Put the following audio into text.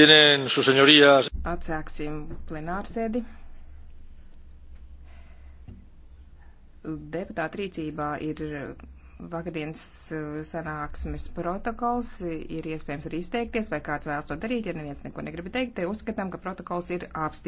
Tienen sus señorías. Atsāksim plenārsēdi. Deputāta rīcībā ir vakardienas uh, sanāksmes protokols. Ir iespējams arī izteikties, vai kāds vēlas to darīt. Ja neviens neko negrib teikt, te uzskatām, ka protokols ir apstiprināts.